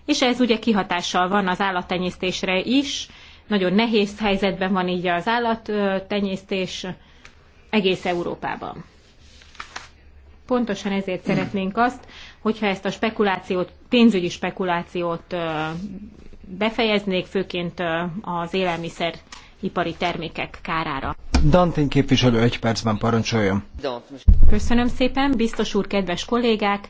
és ez ugye kihatással van az állattenyésztésre is, nagyon nehéz helyzetben van így az állattenyésztés egész Európában. Pontosan ezért szeretnénk azt, hogyha ezt a spekulációt, pénzügyi spekulációt befejeznék, főként az élelmiszer ipari termékek kárára. Dantin képviselő egy percben parancsoljon. Köszönöm szépen, biztos úr, kedves kollégák!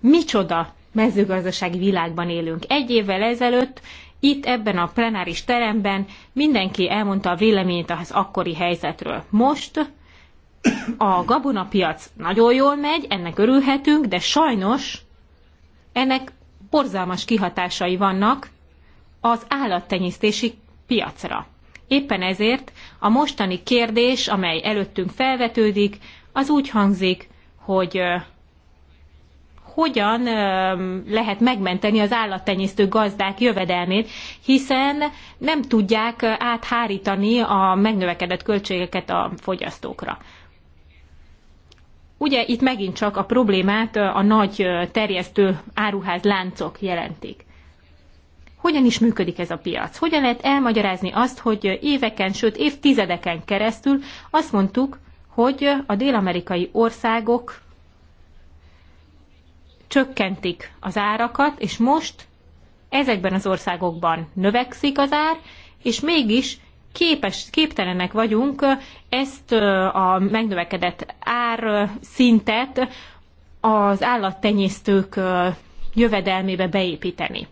Micsoda mezőgazdasági világban élünk. Egy évvel ezelőtt itt ebben a plenáris teremben mindenki elmondta a véleményét az akkori helyzetről. Most a gabonapiac nagyon jól megy, ennek örülhetünk, de sajnos ennek borzalmas kihatásai vannak az állattenyésztési piacra. Éppen ezért a mostani kérdés, amely előttünk felvetődik, az úgy hangzik, hogy hogyan lehet megmenteni az állattenyésztő gazdák jövedelmét, hiszen nem tudják áthárítani a megnövekedett költségeket a fogyasztókra. Ugye itt megint csak a problémát a nagy terjesztő áruház láncok jelentik. Hogyan is működik ez a piac? Hogyan lehet elmagyarázni azt, hogy éveken, sőt évtizedeken keresztül azt mondtuk, hogy a dél-amerikai országok csökkentik az árakat, és most ezekben az országokban növekszik az ár, és mégis képes, képtelenek vagyunk ezt a megnövekedett ár szintet az állattenyésztők jövedelmébe beépíteni.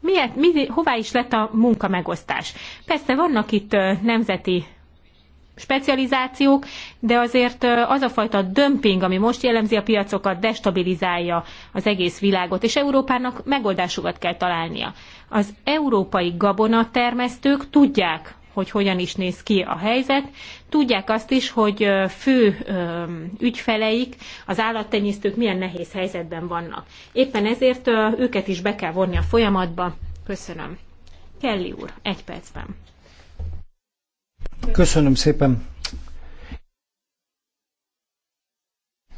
Miért, mi, hová is lett a munkamegosztás? Persze vannak itt nemzeti specializációk, de azért az a fajta dömping, ami most jellemzi a piacokat, destabilizálja az egész világot, és Európának megoldásokat kell találnia. Az európai gabonatermesztők tudják, hogy hogyan is néz ki a helyzet. Tudják azt is, hogy fő ügyfeleik, az állattenyésztők milyen nehéz helyzetben vannak. Éppen ezért őket is be kell vonni a folyamatba. Köszönöm. Kelly úr, egy percben. Köszönöm szépen.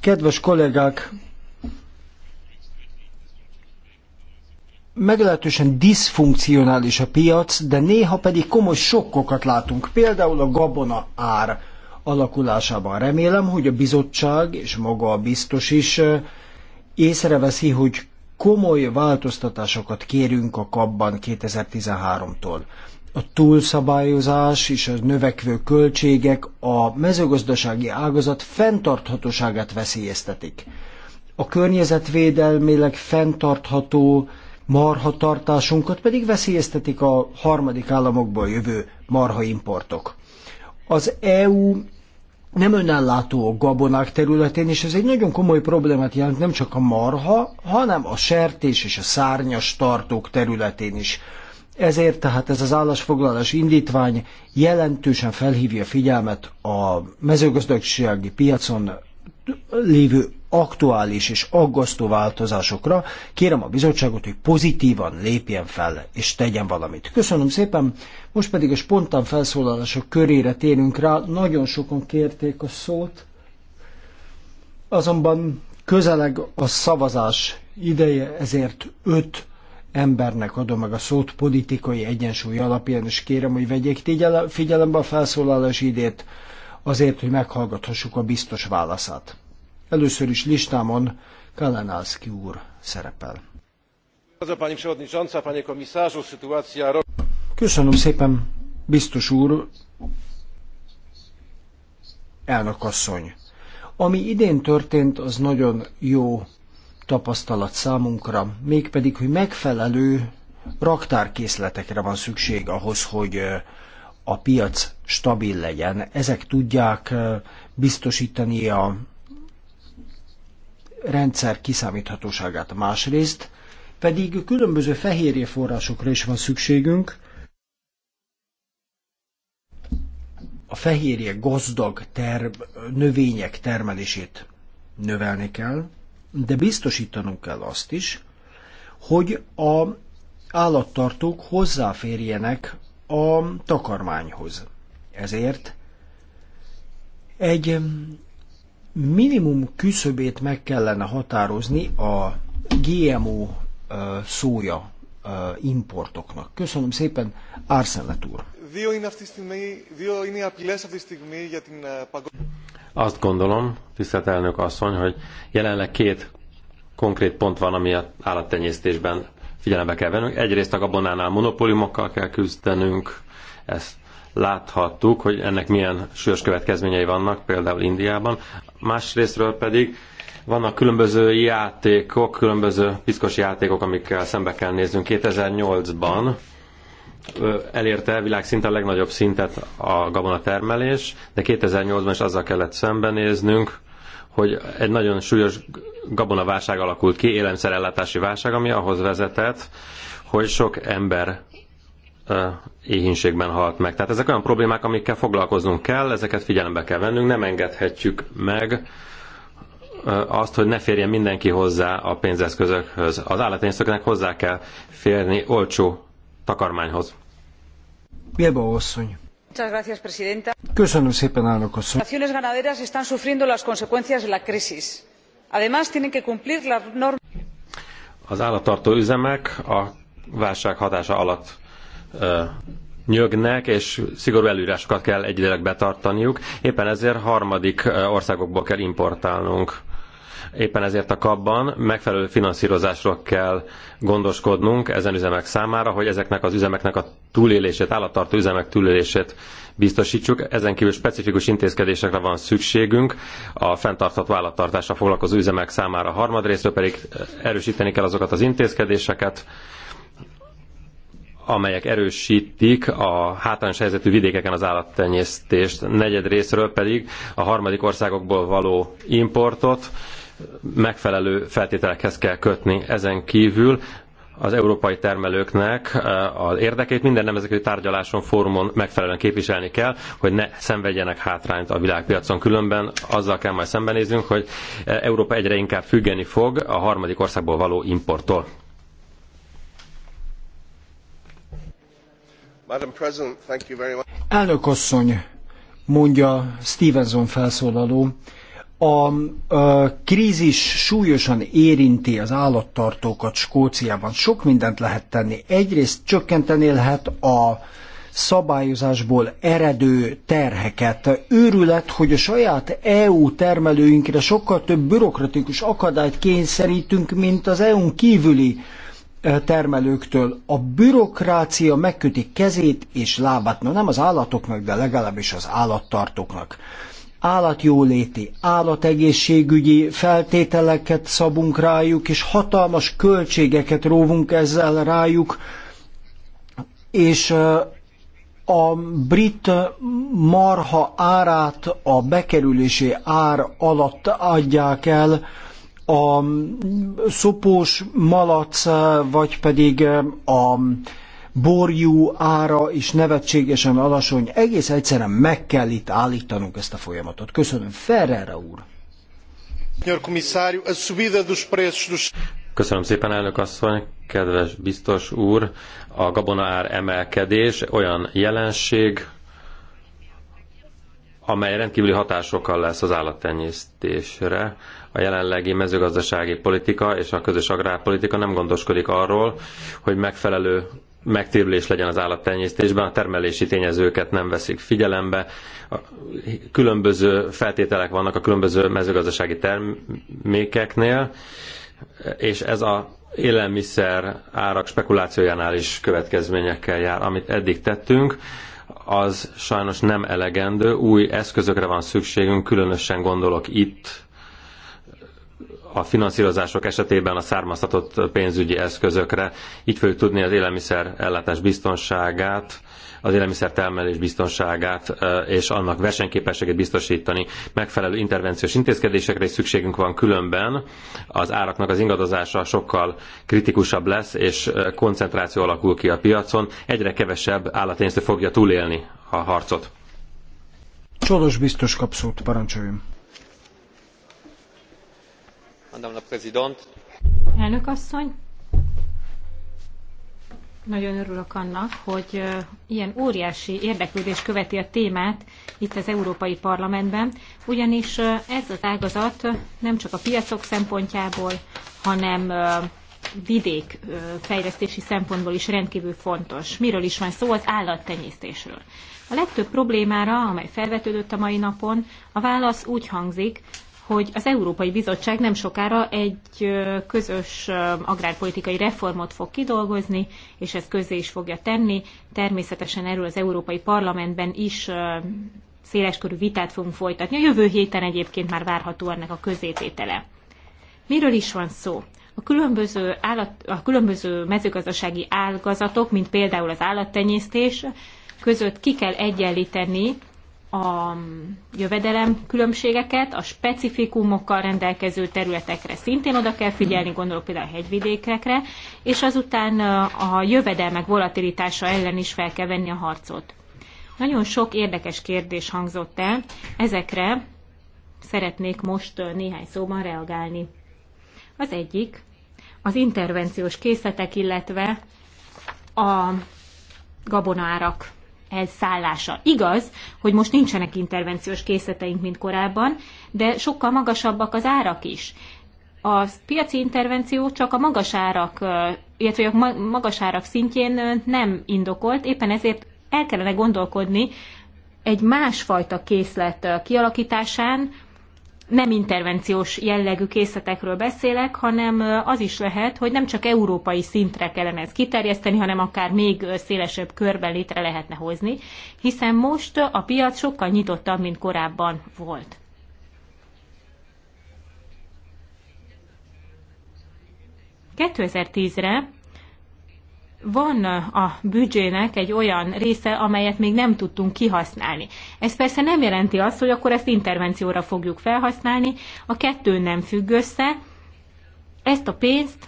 Kedves kollégák, meglehetősen diszfunkcionális a piac, de néha pedig komoly sokkokat látunk, például a gabona ár alakulásában. Remélem, hogy a bizottság és maga a biztos is észreveszi, hogy komoly változtatásokat kérünk a kabban 2013-tól a túlszabályozás és a növekvő költségek a mezőgazdasági ágazat fenntarthatóságát veszélyeztetik. A környezetvédelmileg fenntartható marhatartásunkat pedig veszélyeztetik a harmadik államokból jövő marhaimportok. Az EU nem önellátó a gabonák területén, és ez egy nagyon komoly problémát jelent nem csak a marha, hanem a sertés és a szárnyas tartók területén is ezért tehát ez az állásfoglalás indítvány jelentősen felhívja figyelmet a mezőgazdasági piacon lévő aktuális és aggasztó változásokra. Kérem a bizottságot, hogy pozitívan lépjen fel és tegyen valamit. Köszönöm szépen, most pedig a spontán felszólalások körére térünk rá. Nagyon sokan kérték a szót, azonban közeleg a szavazás ideje, ezért öt embernek adom meg a szót politikai egyensúly alapján, és kérem, hogy vegyék figyelembe a felszólalás idét, azért, hogy meghallgathassuk a biztos válaszát. Először is listámon Kalenalski úr szerepel. Köszönöm szépen, biztos úr, elnök asszony. Ami idén történt, az nagyon jó tapasztalat számunkra, mégpedig, hogy megfelelő raktárkészletekre van szükség ahhoz, hogy a piac stabil legyen. Ezek tudják biztosítani a rendszer kiszámíthatóságát. Másrészt pedig különböző fehérje forrásokra is van szükségünk. A fehérje gazdag term növények termelését növelni kell, de biztosítanunk kell azt is, hogy a állattartók hozzáférjenek a takarmányhoz. Ezért egy minimum küszöbét meg kellene határozni a GMO szója importoknak. Köszönöm szépen, Árszent úr! Δύο είναι, οι απειλές αυτή τη στιγμή για την παγκόσμια. Azt gondolom, tisztelt elnök asszony, hogy jelenleg két konkrét pont van, ami a állattenyésztésben figyelembe kell vennünk. Egyrészt a gabonánál monopóliumokkal kell küzdenünk, ezt láthattuk, hogy ennek milyen súlyos következményei vannak, például Indiában. Másrésztről pedig vannak különböző játékok, különböző piszkos játékok, amikkel szembe kell néznünk. 2008-ban elérte el világszinten a legnagyobb szintet a gabonatermelés, de 2008-ban is azzal kellett szembenéznünk, hogy egy nagyon súlyos gabonaválság alakult ki, élelmiszerellátási válság, ami ahhoz vezetett, hogy sok ember éhínségben halt meg. Tehát ezek olyan problémák, amikkel foglalkoznunk kell, ezeket figyelembe kell vennünk, nem engedhetjük meg azt, hogy ne férjen mindenki hozzá a pénzeszközökhöz. Az állatényszöknek hozzá kell férni olcsó takarmányhoz. asszony. Köszönöm szépen, elnök asszony. Az állattartó üzemek a válság hatása alatt ö, nyögnek, és szigorú előírásokat kell egyidejűleg betartaniuk. Éppen ezért harmadik országokból kell importálnunk Éppen ezért a kapban megfelelő finanszírozásról kell gondoskodnunk ezen üzemek számára, hogy ezeknek az üzemeknek a túlélését, állattartó üzemek túlélését biztosítsuk. Ezen kívül specifikus intézkedésekre van szükségünk a fenntartható állattartásra foglalkozó üzemek számára. Harmadrésztről pedig erősíteni kell azokat az intézkedéseket, amelyek erősítik a hátrányos helyzetű vidékeken az állattenyésztést. Negyed részről pedig a harmadik országokból való importot, megfelelő feltételekhez kell kötni. Ezen kívül az európai termelőknek eh, az érdekét minden nemzetközi tárgyaláson, fórumon megfelelően képviselni kell, hogy ne szenvedjenek hátrányt a világpiacon. Különben azzal kell majd szembenéznünk, hogy eh, Európa egyre inkább függeni fog a harmadik országból való importtól. Elnök asszony, mondja Stevenson felszólaló, a, a krízis súlyosan érinti az állattartókat Skóciában. Sok mindent lehet tenni. Egyrészt csökkenteni lehet a szabályozásból eredő terheket. Őrület, hogy a saját EU termelőinkre sokkal több bürokratikus akadályt kényszerítünk, mint az EU-n kívüli termelőktől. A bürokrácia megköti kezét és lábát, na nem az állatoknak, de legalábbis az állattartóknak állatjóléti, állategészségügyi feltételeket szabunk rájuk, és hatalmas költségeket róvunk ezzel rájuk, és a brit marha árát a bekerülési ár alatt adják el, a szopós malac, vagy pedig a borjú ára is nevetségesen alacsony. Egész egyszerűen meg kell itt állítanunk ezt a folyamatot. Köszönöm. Ferreira úr. Köszönöm szépen, elnök asszony, kedves biztos úr. A gabonaár emelkedés olyan jelenség, amely rendkívüli hatásokkal lesz az állattenyésztésre. A jelenlegi mezőgazdasági politika és a közös agrárpolitika nem gondoskodik arról, hogy megfelelő megtérülés legyen az állattenyésztésben, a termelési tényezőket nem veszik figyelembe. A különböző feltételek vannak a különböző mezőgazdasági termékeknél, és ez a élelmiszer árak spekulációjánál is következményekkel jár. Amit eddig tettünk, az sajnos nem elegendő, új eszközökre van szükségünk, különösen gondolok itt a finanszírozások esetében a származtatott pénzügyi eszközökre. Így fogjuk tudni az élelmiszer ellátás biztonságát, az élelmiszer termelés biztonságát és annak versenyképességét biztosítani. Megfelelő intervenciós intézkedésekre is szükségünk van, különben az áraknak az ingadozása sokkal kritikusabb lesz, és koncentráció alakul ki a piacon. Egyre kevesebb állatényző fogja túlélni a harcot. Csodos biztos kapszót, parancsoljunk. Elnök asszony, nagyon örülök annak, hogy ilyen óriási érdeklődés követi a témát itt az Európai Parlamentben, ugyanis ez az ágazat nem csak a piacok szempontjából, hanem vidék fejlesztési szempontból is rendkívül fontos. Miről is van szó? Az állattenyésztésről. A legtöbb problémára, amely felvetődött a mai napon, a válasz úgy hangzik, hogy az Európai Bizottság nem sokára egy közös agrárpolitikai reformot fog kidolgozni, és ezt közzé is fogja tenni. Természetesen erről az Európai Parlamentben is széleskörű vitát fogunk folytatni. A jövő héten egyébként már várható ennek a közététele. Miről is van szó? A különböző, állat, a különböző mezőgazdasági ágazatok, mint például az állattenyésztés, között ki kell egyenlíteni a jövedelem különbségeket, a specifikumokkal rendelkező területekre szintén oda kell figyelni, gondolok például a hegyvidékekre, és azután a jövedelmek volatilitása ellen is fel kell venni a harcot. Nagyon sok érdekes kérdés hangzott el, ezekre szeretnék most néhány szóban reagálni. Az egyik az intervenciós készletek, illetve a gabonárak elszállása. Igaz, hogy most nincsenek intervenciós készleteink, mint korábban, de sokkal magasabbak az árak is. A piaci intervenció csak a magas árak, illetve a magas árak szintjén nem indokolt, éppen ezért el kellene gondolkodni egy másfajta készlet kialakításán, nem intervenciós jellegű készletekről beszélek, hanem az is lehet, hogy nem csak európai szintre kellene ezt kiterjeszteni, hanem akár még szélesebb körben létre lehetne hozni, hiszen most a piac sokkal nyitottabb, mint korábban volt. ...2010-re van a büdzsének egy olyan része, amelyet még nem tudtunk kihasználni. Ez persze nem jelenti azt, hogy akkor ezt intervencióra fogjuk felhasználni, a kettő nem függ össze. Ezt a pénzt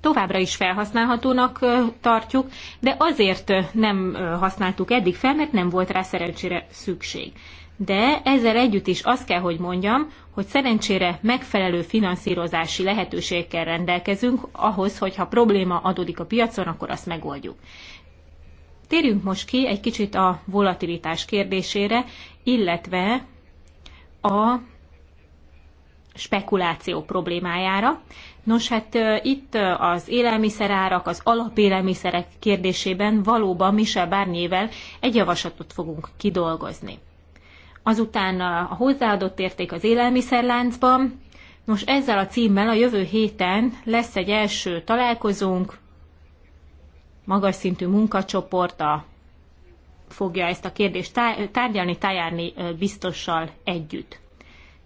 továbbra is felhasználhatónak tartjuk, de azért nem használtuk eddig fel, mert nem volt rá szerencsére szükség de ezzel együtt is azt kell, hogy mondjam, hogy szerencsére megfelelő finanszírozási lehetőségekkel rendelkezünk ahhoz, hogyha probléma adódik a piacon, akkor azt megoldjuk. Térjünk most ki egy kicsit a volatilitás kérdésére, illetve a spekuláció problémájára. Nos, hát itt az élelmiszerárak, az alapélelmiszerek kérdésében valóban Michel barnier egy javaslatot fogunk kidolgozni azután a hozzáadott érték az élelmiszerláncban. Nos, ezzel a címmel a jövő héten lesz egy első találkozónk, magas szintű munkacsoporta fogja ezt a kérdést tárgyalni, tájárni biztossal együtt.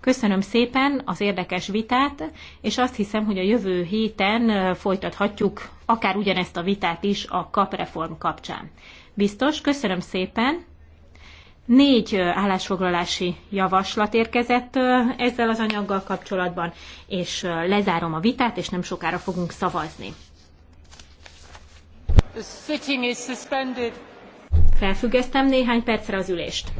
Köszönöm szépen az érdekes vitát, és azt hiszem, hogy a jövő héten folytathatjuk akár ugyanezt a vitát is a kapreform kapcsán. Biztos, köszönöm szépen! Négy állásfoglalási javaslat érkezett ezzel az anyaggal kapcsolatban, és lezárom a vitát, és nem sokára fogunk szavazni. Felfüggesztem néhány percre az ülést.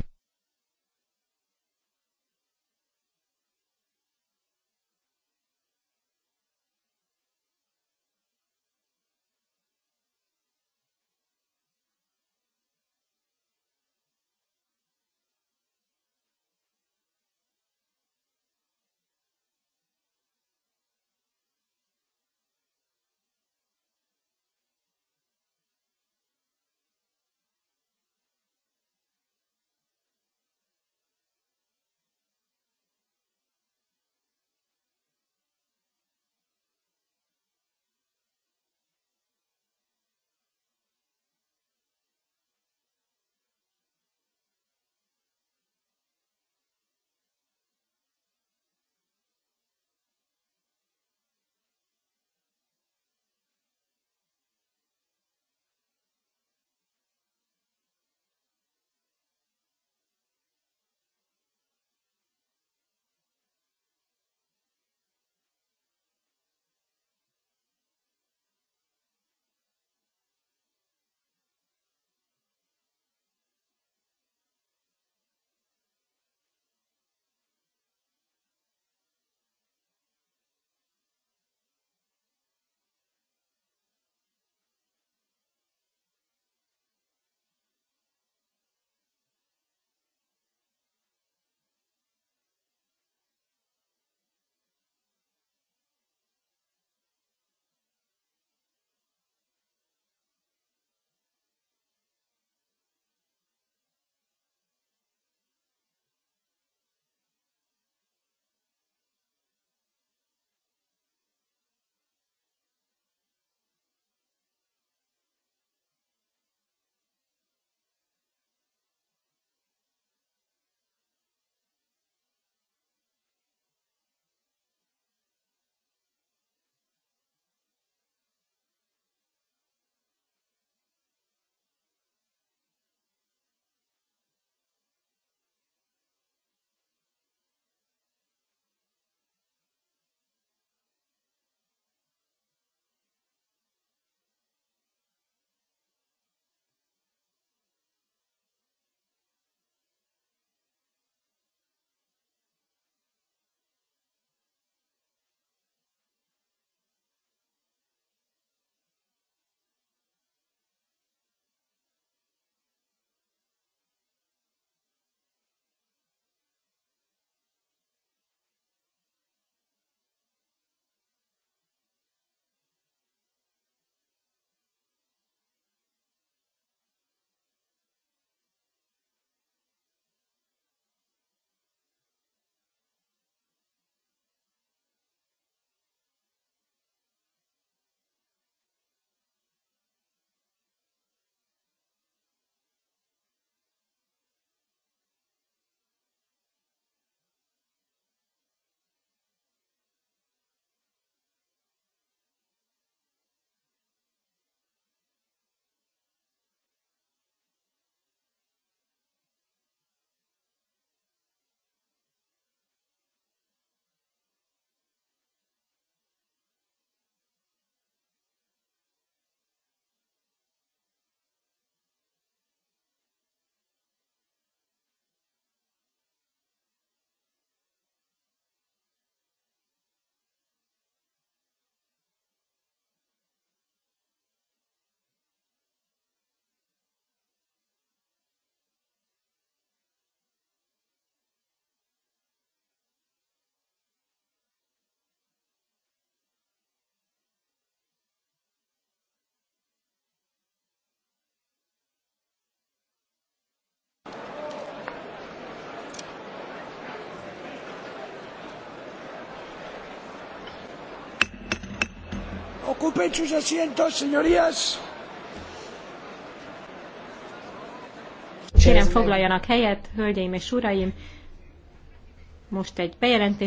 Ocupen sus asientos, señorías. Kérem foglaljanak helyet, hölgyeim és uraim. Most egy bejelentés.